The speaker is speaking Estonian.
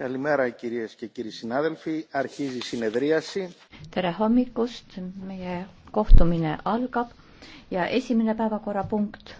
Καλημέρα κυρίες και κύριοι συνάδελφοι. Αρχίζει η συνεδρίαση. Tere hommikust. Meie kohtumine algab ja esimene päevakorrapunkt